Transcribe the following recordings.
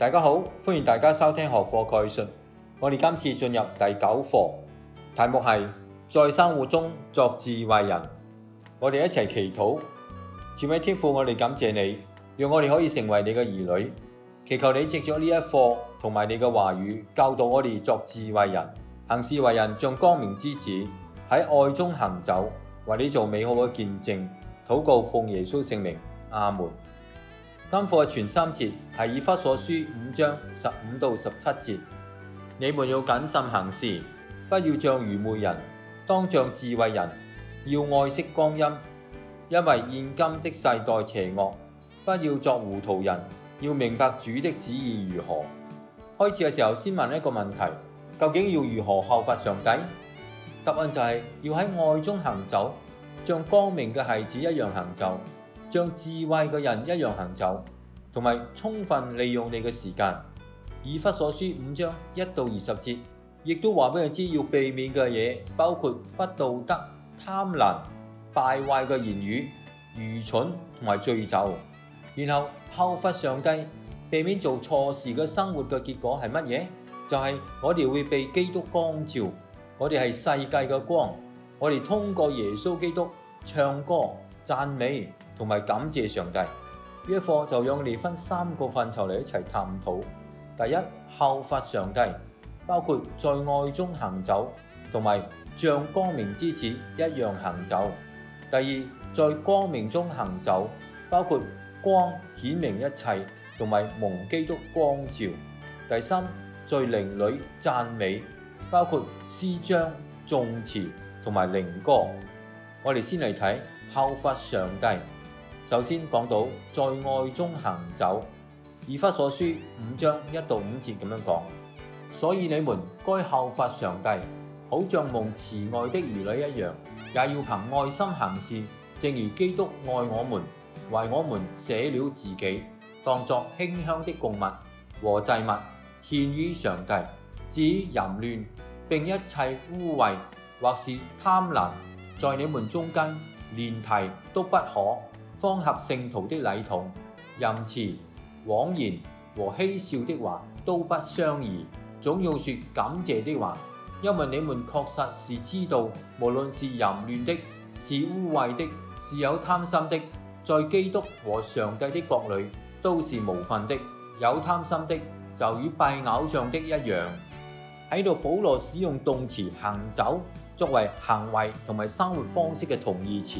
大家好，歡迎大家收聽學課概述。我哋今次進入第九課，題目係在生活中作智慧人。我哋一齊祈禱，賜位天父，我哋感謝你，讓我哋可以成為你嘅兒女。祈求你借着呢一課同埋你嘅話語教導我哋作智慧人，行事為人像光明之子，喺愛中行走，為你做美好嘅見證。禱告奉耶穌聖名，阿門。今課嘅全三節，係以弗所書五章十五到十七節。你們要謹慎行事，不要像愚昧人，當像智慧人，要愛惜光陰，因為現今的世代邪惡。不要作糊塗人，要明白主的旨意如何。開始嘅時候先問一個問題：究竟要如何效法上帝？答案就係、是、要喺愛中行走，像光明嘅孩子一樣行走。像智慧嘅人一樣行走，同埋充分利用你嘅時間。以弗所書五章一到二十節，亦都話俾人知要避免嘅嘢，包括不道德、貪婪、敗壞嘅言語、愚蠢同埋醉酒。然後孝服上帝，避免做錯事嘅生活嘅結果係乜嘢？就係、是、我哋會被基督光照，我哋係世界嘅光，我哋通過耶穌基督唱歌讚美。同埋感謝上帝，呢一課就讓我哋分三個範疇嚟一齊探討。第一，效法上帝，包括在愛中行走，同埋像光明之子一樣行走。第二，在光明中行走，包括光顯明一切，同埋蒙基督光照。第三，在靈裡讚美，包括詩章、頌詞同埋靈歌。我哋先嚟睇效法上帝。首先講到在愛中行走，《以弗所書》五章一到五節咁樣講，所以你們該效法上帝，好像蒙慈愛的兒女一樣，也要憑愛心行事，正如基督愛我們，為我們捨了自己，當作馨香的供物和祭物獻於上帝，至於淫亂並一切污穢或是貪婪，在你們中間連提都不可。方合聖徒的體統、淫詞、妄語和戲笑的話都不相宜，總要說感謝的話，因為你們確實是知道，無論是淫亂的，是污穢的，是有貪心的，在基督和上帝的國裏都是無份的。有貪心的就與拜偶像的一樣。喺度，保羅使用動詞行走作為行為同埋生活方式嘅同義詞。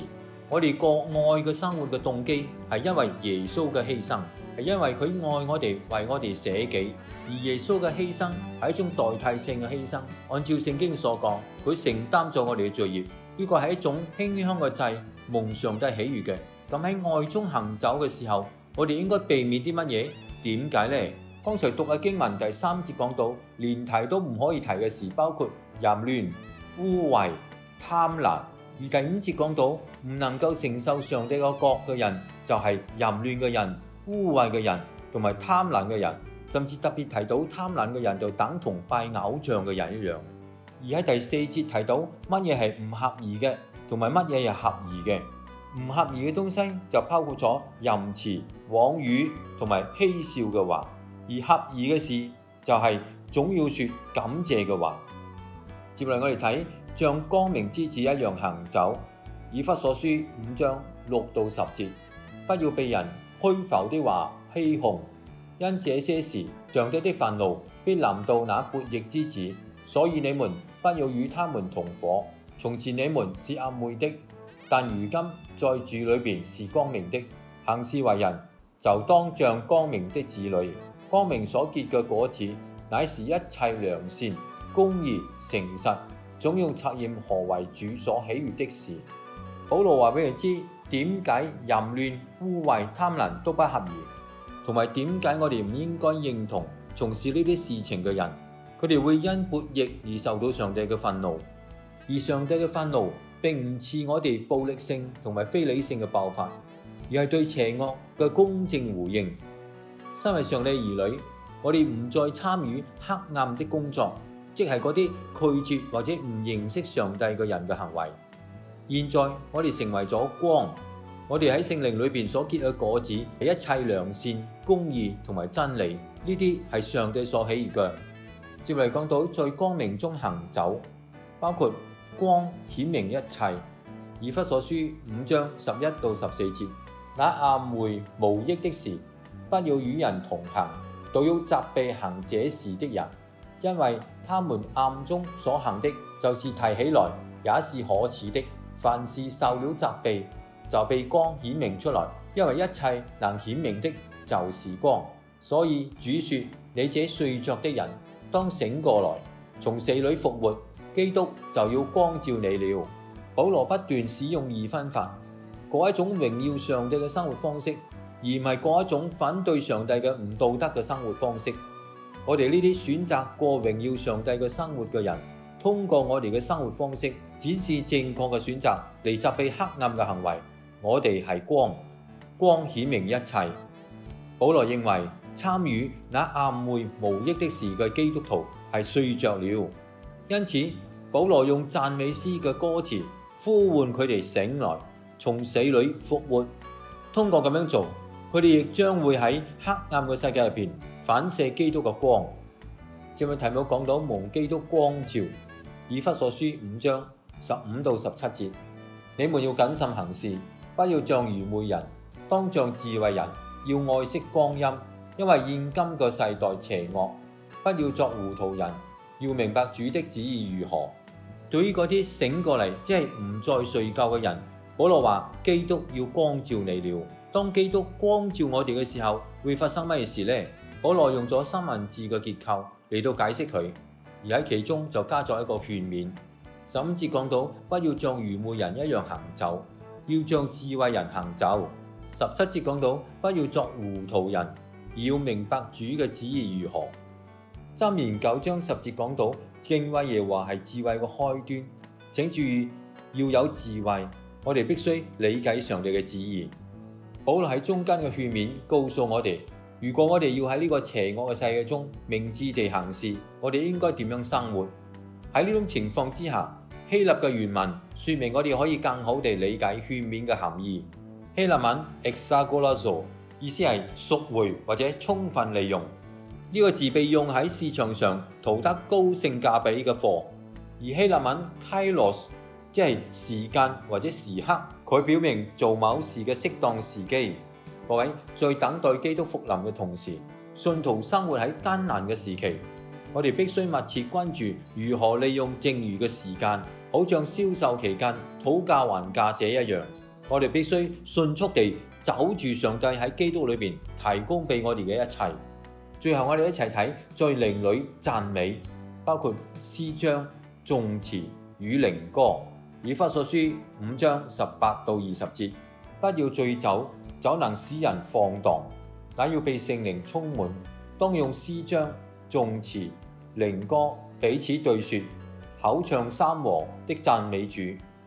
我哋過愛嘅生活嘅動機係因為耶穌嘅犧牲，係因為佢愛我哋，為我哋捨己。而耶穌嘅犧牲係一種代替性嘅犧牲。按照聖經所講，佢承擔咗我哋嘅罪業。呢個係一種馨香嘅祭，蒙上帝喜悅嘅。咁喺愛中行走嘅時候，我哋應該避免啲乜嘢？點解呢？剛才讀嘅經文第三節講到，連提都唔可以提嘅事，包括淫亂、污穢、貪婪。而第五節講到唔能夠承受上帝個國嘅人，就係、是、淫亂嘅人、污穢嘅人同埋貪婪嘅人，甚至特別提到貪婪嘅人就等同拜偶像嘅人一樣。而喺第四節提到乜嘢係唔合宜嘅，同埋乜嘢係合宜嘅？唔合宜嘅東西就包括咗淫詞、妄語同埋戲笑嘅話，而合宜嘅事就係總要説感謝嘅話。接落嚟我哋睇。像光明之子一樣行走，以弗所書五章六到十節，不要被人虛浮的話欺哄。因這些事上帝的忿怒必臨到那悖逆之子，所以你們不要與他們同夥。從前你們是暗昧的，但如今在主裏面是光明的，行事為人就當像光明的子女。光明所結嘅果子，乃是一切良善、公義、誠實。總要測驗何為主所喜悅的事。保羅話俾你知，點解淫亂、污穢、貪婪都不合宜，同埋點解我哋唔應該認同從事呢啲事情嘅人，佢哋會因悖逆而受到上帝嘅憤怒。而上帝嘅憤怒，並唔似我哋暴力性同埋非理性嘅爆發，而係對邪惡嘅公正回應。身為上帝兒女，我哋唔再參與黑暗的工作。即係嗰啲拒絕或者唔認識上帝嘅人嘅行為。現在我哋成為咗光，我哋喺聖靈裏邊所結嘅果子係一切良善、公義同埋真理。呢啲係上帝所喜悅嘅。接嚟講到在光明中行走，包括光顯明一切。以弗所書五章十一到十四節，那暗昧無益的事，不要與人同行，都要責備行這事的人。因為他們暗中所行的，就是提起來也是可恥的。凡事受了責備，就被光顯明出來。因為一切能顯明的，就是光。所以主説：你這睡着的人，當醒過來，從死裏復活。基督就要光照你了。保羅不斷使用二分法，過一種榮耀上帝嘅生活方式，而唔係過一種反對上帝嘅唔道德嘅生活方式。我哋呢啲選擇過榮耀上帝嘅生活嘅人，通過我哋嘅生活方式展示正確嘅選擇，嚟責備黑暗嘅行為。我哋係光，光顯明一切。保羅認為參與那暗昧無益的事嘅基督徒係睡着了，因此保羅用讚美詩嘅歌詞呼喚佢哋醒來，從死裏復活。通過咁樣做，佢哋亦將會喺黑暗嘅世界裏面。反射基督嘅光，前面提到講到蒙基督光照。以弗所書五章十五到十七節，你們要謹慎行事，不要像愚昧人，當像智慧人，要愛惜光陰，因為現今個世代邪惡，不要作糊塗人，要明白主的旨意如何。對於嗰啲醒過嚟，即係唔再睡覺嘅人，保羅話基督要光照你了。當基督光照我哋嘅時候，會發生乜嘢事咧？保羅用咗三文治嘅結構嚟到解釋佢，而喺其中就加咗一個勸勉。十五節講到，不要像愚昧人一樣行走，要像智慧人行走。十七節講到，不要作糊塗人，而要明白主嘅旨意如何。箴言九章十節講到，敬畏耶和華係智慧嘅開端。請注意，要有智慧，我哋必須理解上帝嘅旨意。保羅喺中間嘅勸勉，告訴我哋。如果我哋要喺呢個邪惡嘅世界中明智地行事，我哋應該點樣生活？喺呢種情況之下，希臘嘅原文説明我哋可以更好地理解勸勉嘅含義。希臘文 exagorazo 意思係贖回或者充分利用呢，這個字被用喺市場上淘得高性價比嘅貨。而希臘文 kairos 即係時間或者時刻，佢表明做某事嘅適當時機。各位在等待基督復臨嘅同時，信徒生活喺艱難嘅時期，我哋必須密切關注如何利用剩餘嘅時間，好像銷售期間討價還價者一樣。我哋必須迅速地抓住上帝喺基督裏面，提供俾我哋嘅一切。最後我們，我哋一齊睇在靈裏讚美，包括詩章、頌詞與靈歌，以弗所書五章十八到二十節，不要醉酒。酒能使人放蕩，也要被聖靈充滿。當用詩章、頌詞、靈歌彼此對說，口唱三和的讚美主。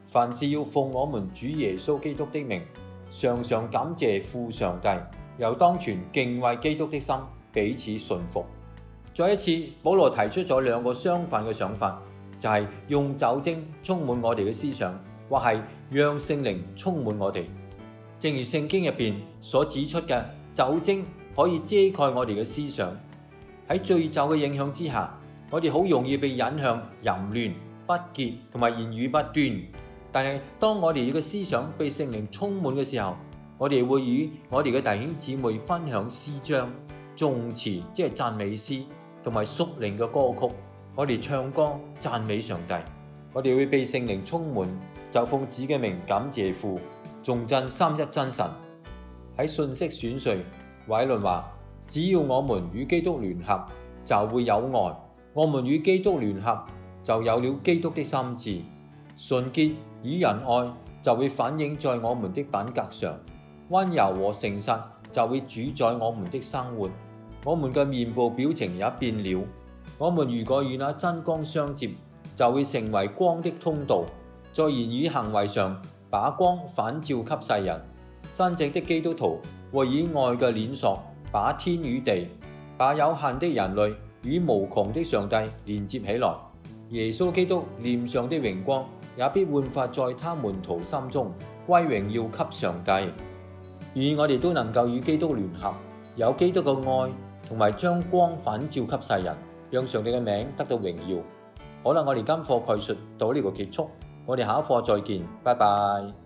凡事要奉我們主耶穌基督的名，常常感謝父上帝。又當存敬畏基督的心，彼此順服。再一次，保羅提出咗兩個相反嘅想法，就係、是、用酒精充滿我哋嘅思想，或係讓聖靈充滿我哋。正如聖經入邊所指出嘅，酒精可以遮蓋我哋嘅思想。喺醉酒嘅影響之下，我哋好容易被引向淫亂、不潔同埋言語不端。但係當我哋嘅思想被聖靈充滿嘅時候，我哋會與我哋嘅弟兄姊妹分享詩章、頌詞，即係讚美詩同埋屬靈嘅歌曲。我哋唱歌讚美上帝，我哋會被聖靈充滿，就奉子嘅名感謝父。重振三一真神喺信息選粹，偉倫話：只要我們與基督聯合，就會有愛；我們與基督聯合，就有了基督的心智。純潔與仁愛就會反映在我們的品格上，溫柔和誠實就會主宰我們的生活。我們嘅面部表情也變了。我們如果與那真光相接，就會成為光的通道，在言語行為上。把光反照給世人，真正的基督徒會以愛嘅鏈索把天與地、把有限的人類與無窮的上帝連接起來。耶穌基督臉上的榮光也必煥發在他門徒心中，歸榮耀給上帝。願我哋都能夠與基督聯合，有基督嘅愛，同埋將光反照給世人，讓上帝嘅名得到榮耀。好了，我哋今課概述到呢個結束。我哋下一課再見，拜拜。